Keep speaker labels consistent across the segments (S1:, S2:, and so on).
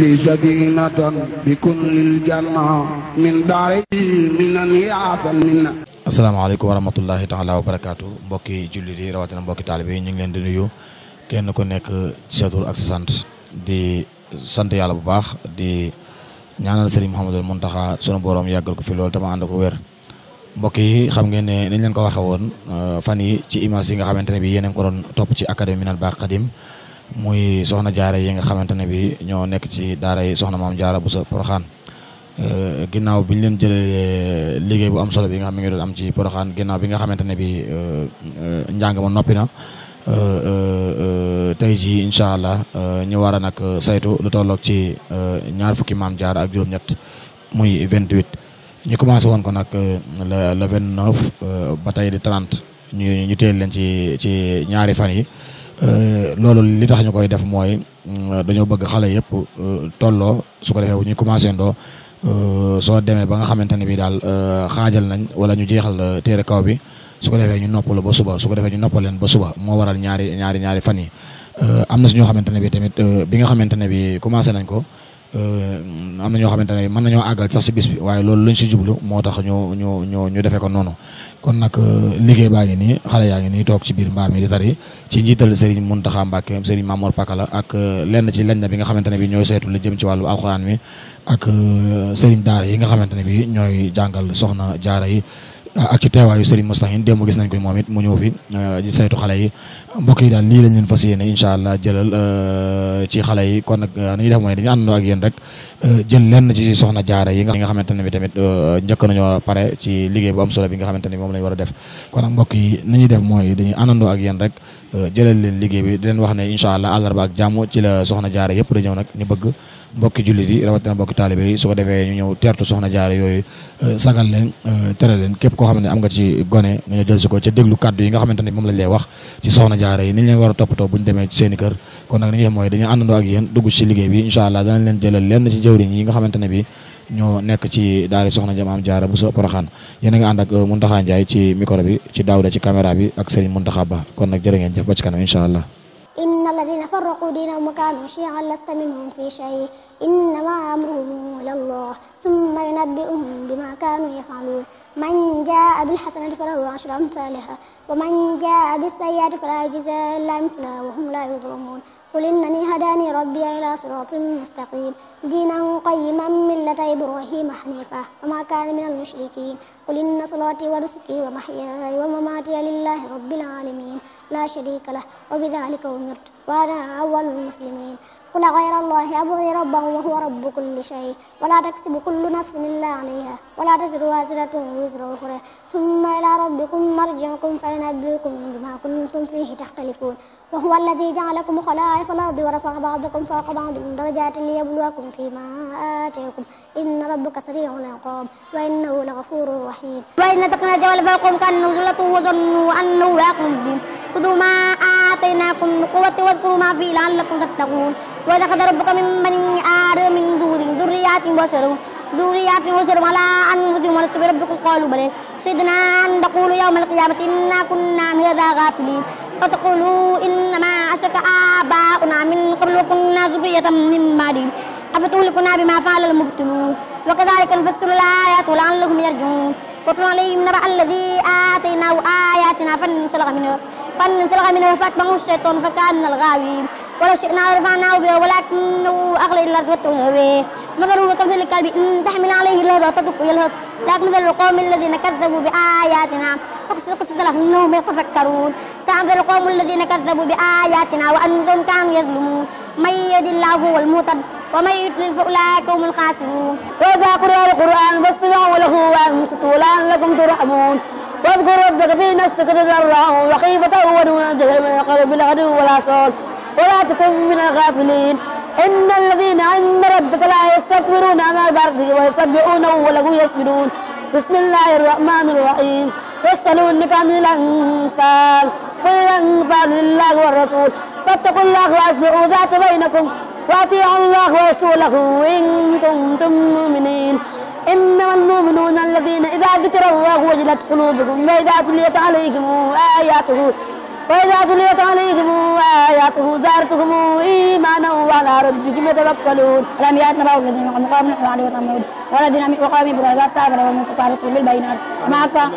S1: لسكينة بكل الجنة من داري من نيات منا asalaamaaleykum wa rahmatullahi taala wa barakaatu mbokki jullit yi rawatina mbokki taalibe yi ñu ngi leen di nuyu kenn ku nekk ci sa ak sant di sant yàlla bu baax di ñaanal Serigne Mouhamadul taxa sunu borom yàggal ko fi loolu tama ànd ko wér mbokk yi xam ngeen ne niñ leen ko waxee woon euh, fan yi ci image yi nga xamante ne bi yéen ngi ko doon topp ci académie Minane Ba Khadim muy soxna jaara yi nga xamante ne bi ñoo nekk ci daara yi soxna maam jaara bu sa poroxaan euh, ginnaaw bi ñu leen jëlee euh, liggéey bu am solo bi nga xam mi ngi doon am ci poroxaan ginnaaw bi nga xamante ne bi euh, njàng ma noppi tey jii incha allah ñu war a nag saytu lu tolloog ci ñaar fukki maam jaar ak juróom-ñett muy 28 ñu commencé woon ko nag le le 29 ba tey di 30 ñu teel leen ci ci ñaari fan yi Euh, loolu li tax ñu koy def mooy euh, dañoo bëgg xale yëpp euh, tolloo su ko defee ñu commencé ndoo soo demee ba nga xamante ne bi daal xaajal nañ wala ñu jeexal téere kaw bi su ko defee ñu noppalu ba suba su ko defee ñu noppal leen ba suba moo waral ñaari ñaari ñaari fan yi am na si ñoo xamante ne bi tamit bi nga xamante ne bi commencé nañ ko Euh, am na ñoo xamante ne mën nañoo àggal sax si bis bi waaye loolu lañ si jublu moo tax ñu ñu ñu ñu defee ko noonu kon nag euh, liggéey baa ngi nii xale yaa ngi nii toog ci biir mbaar mi di tari ci njiital Serigne Mountakha Mbacké Serigne Mamour Pakala ak euh, lenn ci lenn bi nga xamante ne bi ñooy seetu la jëm ci wàllu alxuraan mi ak Serigne daara yi nga xamante ne bi ñooy jàngal soxna jaara yi ak ci teewaayu Serigne Moustahine démb gis nañ ko moom it mu ñëw fi euh, saytu xale yi mbokk yi daal lii lañ leen fas yéene incha allah jëlal euh, ci xale yi kon nag euh, ni def mooy dañu àndandoo ak yéen rek jël lenn ci soxna jaara yi nga xamante ne bi tamit njëkk nañoo pare ci liggéey bu am solo bi nga xamante ne bi moom lañ war a def kon nag mbokk yi ni ñuy def mooy dañu àndandoo ak yéen rek jëlal leen liggéey bi di leen wax ne incha allah àllarba ak jàmm ci la soxna jaara yëpp da ñëw nag ñu bëgg mbokki jullit yi rawatina mbokki taalibe yi su ko defee ñu ñëw teertu soxna jaare yooyu euh, sagal leen euh, tere leen képp koo xam ne am nga ci gone nga ñu si ko ca déglu kàddu yi nga xamante ne moom lañ lay wax ci soxna jaare yi ni toppatoo bu ñu demee ci seeni kër kon nag li ñu def mooy dañu àndandoo ak yéen dugg ci liggéey bi incha allah danañ leen jëlal lenn ci jëwriñ yi nga xamante ne bi ñoo nekk ci daara soxna jamaam jaara bu sa poroxaan yéen a nga ànd ak euh, Muntaxa Njaay ci micro bi ci Daawda ci caméra bi ak Sëriñ Ba kon nag jërë ngeen jëf ba ci kanam incha allah
S2: الذين فرقوا دينهم وكانوا شيعا لست منهم في شيء إنما أمرهم إلى الله ثم ينبئهم بما كانوا يفعلون من جاء بالحسنة فله عشر أمثالها ومن جاء بالسيئة فلا يجزى إلا مثلها وهم لا يظلمون قل إنني هداني ربي إلى صراط مستقيم دينا قيما ملة إبراهيم حنيفة وما كان من المشركين قل إن صلاتي ونسكي ومحياي ومماتي لله رب العالمين لا شريك له وبذلك أمرت وأنا أول المسلمين قل غير الله أبغي ربه وهو رب كل شيء ولا تكسب كل نفس إلا عليها ولا تزر وازرة وزر أخرى ثم إلى ربكم مرجعكم فينبئكم بما كنتم فيه تختلفون وهو الذي جعلكم خلائف الأرض ورفع بعضكم فوق بعض درجات ليبلوكم فيما آتيكم إن ربك سريع العقاب وإنه لغفور رحيم وإن تقنى الجبل فوقهم كان زلة وظنوا أنه واقع بهم خذوا ما آتيناكم من قوة واذكروا ما فيه لعلكم تتقون ولقد ربك من بني آدم من زور ذريات بشر ذريات بشر على أنفسهم ولست بربكم قالوا بل شهدنا أن تقول يوم القيامة إنا كنا عن هذا غافلين فتقولوا إنما أشرك آباؤنا من قبل وكنا ذرية من بعدهم أفتهلكنا بما فعل المبتلون وكذلك نفسر الآيات لعلهم يرجعون واتل عليهم نبع الذي آتيناه آياتنا فانسلخ منه فانسلخ منه فاتبعه الشيطان فكان الغاوين ولا شئنا رفعنا به ولكن أغلى الأرض واتبعه به مثله كمثل الكلب تحمل عليه الهدى تطلق يلهث ذاك مثل القوم الذين كذبوا بآياتنا فقصص قصص لهم أنهم يتفكرون ساء القوم الذين كذبوا بآياتنا وأنفسهم كانوا يظلمون من يد الله هو المهتد ومن يضلل فأولئك هم الخاسرون وإذا قرأ القرآن فاستمعوا له وأنصتوا لعلكم ترحمون واذكر ربك في نفسك تضرعا وخيفة ودون الجهل من القلب بالعدو والعصول ولا تكن من الغافلين إن الذين عند ربك لا يستكبرون عن عبادته ويسبعون وله يسجدون بسم الله الرحمن الرحيم يسألونك عن الأنفال قل الأنفال لله والرسول فاتقوا الله وأصلحوا ذات بينكم وأطيعوا الله ورسوله إن كنتم مؤمنين إنما المؤمنون الذين إذا ذكر الله وجلت قلوبهم وإذا تليت عليهم آياته فإذا تليت عليكم آياته زارتكم إيمانا وعلى ربكم يتوكلون ألم يأت نبأ الذين من قبل نوح وثمود والذين وقوم إبراهيم والسابر
S3: والمتفارسون بالبينات ما كان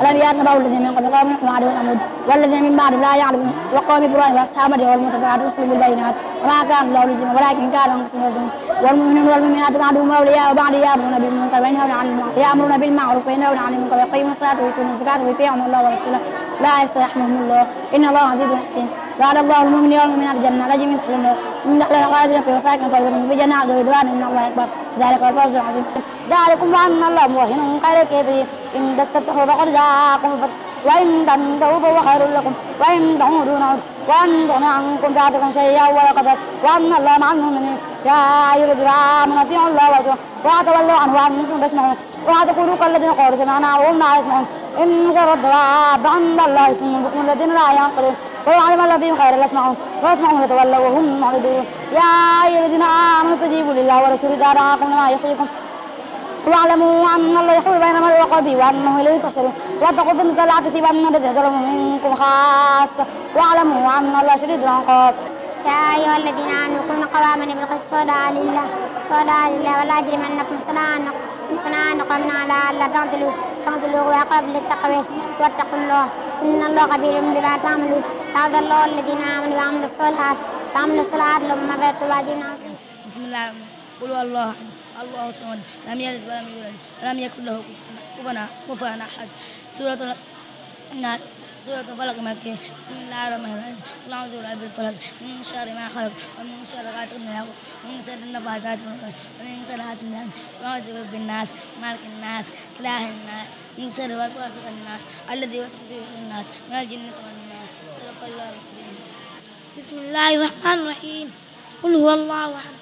S3: ألم يأت نبأ الذين من قبل نوح وثمود والذين من بعد لا يعلمون وقوم إبراهيم والسابر والمتفارسون بالبينات وما كان الله لزيم ولكن كانوا أنفسهم يظلمون والمؤمنون والمؤمنات بعضهم أولياء وبعض يأمرون بالمنكر وينهون عن المعروف يأمرون بالمعروف وينهون عن المنكر ويقيمون الصلاة ويؤتون الزكاة ويطيعون الله ورسوله لا عيسى يسترحمهم الله إن الله عزيز حكيم وعلى الله المؤمن والمؤمن الجنة من دخل النار من دخل
S2: خالد في وساكن طيبة في جنة رضوان من الله أكبر ذلك الفوز العظيم ذلكم وأن الله موهن غير كيفه إن تستفتحوا فقد جاءكم الفتح وإن تنتهوا فهو خير لكم وإن تعودوا وان تغني عنكم فاتكم شيئا ولا قدر وان الله مع المؤمنين يا ايها الذين امنوا اطيعوا الله ورسوله وتولوا عنه وانتم تسمعون ولا تقولوا كالذين قالوا سمعنا وهم لا يسمعون ان شر الدواب عند الله اسم بكم الذين لا يعقلون ولو علم الله فيهم خيرا لاسمعون واسمعون يتولوا وهم معرضون يا ايها الذين امنوا استجيبوا لله ورسوله اذا دعاكم لما يحييكم واعلموا أن الله يحول بين المرء وقلبه وأنه إليه تحشرون واتقوا فتنة لا تصيبن الذين ظلموا منكم خاصة واعلموا أن الله شديد العقاب يا أيها الذين آمنوا كونوا قواما بالقسط شهداء لله شهداء لله ولا يجرمنكم سنانكم سنانكم قوم على الله تغدلوا تغدلوا وأقرب للتقوى واتقوا الله إن الله خبير بما تعملوا هذا الله الذين آمنوا وعملوا الصالحات وعملوا الصالحات لهم مغفرة وأجر عظيم بسم الله قل الله أحد الله الصمد لم يلد ولم يولد ولم يكن له كفنا كفنا أحد سورة النار سورة الفلق مكية بسم الله الرحمن الرحيم قل أعوذ برب الفلق من شر ما خلق ومن شر غاسق إذا ومن شر النفاثات ومن شر حاسد إذا ومن رب الناس مالك الناس إله الناس من شر وسواس الناس الذي يوسوس في الناس من الجنة والناس صدق الله العظيم بسم
S3: الله الرحمن الرحيم قل هو الله أحد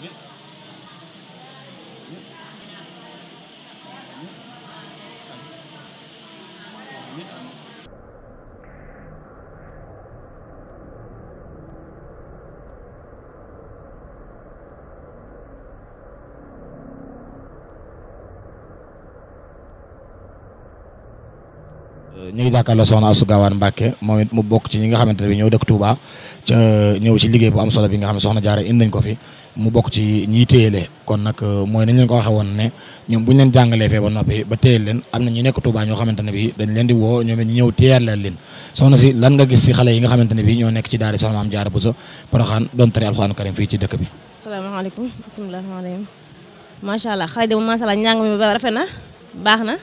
S1: Yeah. Euh, ñu ngi jàkkaarloo soxna Astou Gawane Mbacke moom it mu bokk ci ñi nga xamante bi ñëw dëkk Touba ca euh, ñëw ci liggéey bu am solo bi nga xam bi ñoo nekk ci daari soxna maam jaara bu sa Poroxaan doon tari alxuraan karim fii ci dëkk bi
S3: asalaamaaleykum bismillahi rahmaani rahim macha allah xale de macha allah njàng mi ba rafet na baax na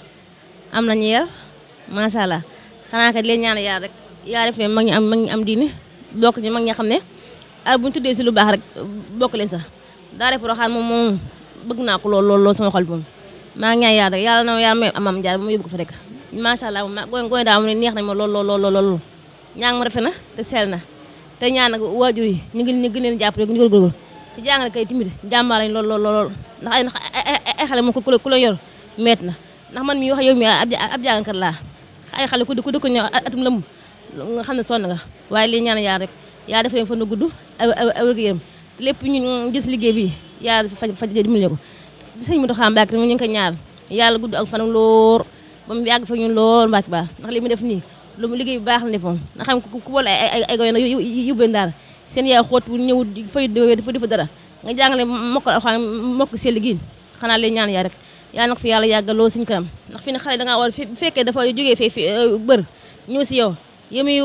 S3: am nañu yar macha allah xanaa kat leen ñaan yàlla rek yàlla def ne am mag ñi am bokk ñi mag ñi xam ne ah bu ñu si lu baax rek bokk leen sax daara Porokhane moom moom bëgg naa ko lool lool lool sama xol moom maa ngi ñaan rek yàlla na yàlla may amam jaar ba mu yóbbu ko fa rek macha ma goy goy daa neex nañ ma lool lool lool lool ñaa ngi ma rafet na te seel na te ñaan nag waajur yi ñu ngi ñu gën leen jàpp rek ñu góorgóorlu te jàngale kay timide jàmbaar lañ lool lool lool ndax na ndax man mi wax yow laa ay xale ku di ku di ko ñëw atum lëmm nga xam ne sonn nga waaye lii ñaan yaa rek yaa def leen fan gudd a yërëm lépp ñu gis liggéey bi yaa faj faj dimbali ko sëñ mu doxaa Mbàkke ñu ngi ko ñaar yàlla gudd ak fanam loor ba mu yàgg fa ñun lool Mbàkke baax ndax li mu def nii lu mu liggéey bu baax la defoon nga xam ku boole ay ay goy na yóbbu daara seen yaay xoot bu ñëwut fay dafa dara nga jàngale mokkal alxuraan mokk sell gi xanaa lay ñaan yaa rek yàlla na ko fi yàlla yàggal loolu suñu kanam ndax fi ne xale dangaa war bu fekkee dafa jógee fee fi euh, bër ñëw si yow yémuy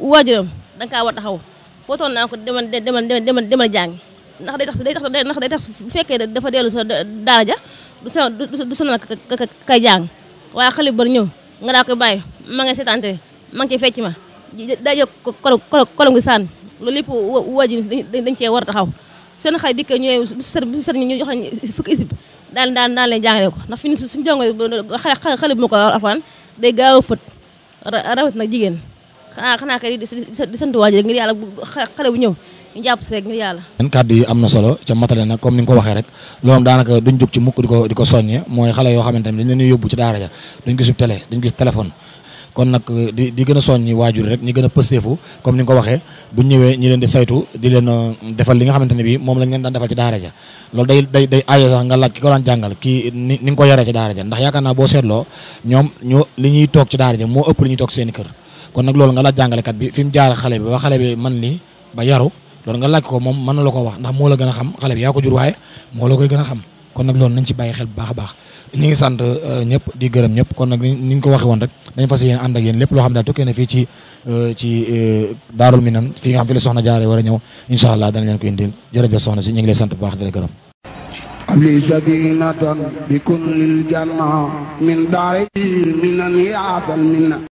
S3: waajuram da nga kaa war taxaw footoon naa ko demal demal demal demal jàng ndax day tax day tax ndax day tax bu fekkee dafa dellu sa daara ja du sa du sonal ka jàng waaye xale bu bër ñëw nga daa koy bàyyi ma nga seetaante ma ngi ciy fecc ma daa jël kolom gi sànn loolu lépp waajur dañ cee war a taxaw seen xay dikk ñëwee bis set ñu joxe fukki isib daal daal daal leen jàngale ko ndax fi ni suñu xale xale bu ma day gaaw a rawet nag jigéen xanaa xanaa kay di sant waajur rek ñëw ñu jàpp si rek ngir yàlla
S1: en kàddu am na solo ca matale nag comme ni ko waxee rek loolu daanaka duñ jóg ci mukk di ko di ko soññe mooy xale yoo xamante ne dañ leen yóbbu ci daara ja duñ gis télé duñ gis téléphone kon nag euh, di di gën a soññi waajur rek ñi gën a pëstéefu comme ni ko waxee bu ñëwee ñi leen di saytu di leen euh, defal li nga xamante ne bi moom lañ leen daan defal ci daara ja loolu day ko daan jàngal kii ni ni nga ko yaree ci daara ja ndax yaakaar naa boo seetloo ñoom ñoo li ñuy toog ci daara ja moo ëpp li ñuy toog seeni kër kon nag lool nga laaj jàngalekat bi fi mu jaar xale bi ba xale bi man li ba yaru loolu nga laaj ko moom mën na la ko wax ndax moo la gën a xam xale bi yaa ko jur moo la koy gën a xam kon nag lool nañ ci bàyyi xel bu baax a baax ñu ngi sant euh, ñëpp di gërëm ñëpp kon nag ni ñu ko waxee woon rek dañ fas yéene ànd ak yéen lépp loo xam daal tukkee na fii ci euh, ci euh, daarul minan fii nga xam fi la soxna jaare war a ñëw incha allah dana leen ko indil jërëjëf soxna si ñu ngi lay sant bu baax di la gërëm
S3: abli sabinatan
S1: bi kullil janna min daari minan yaatal minna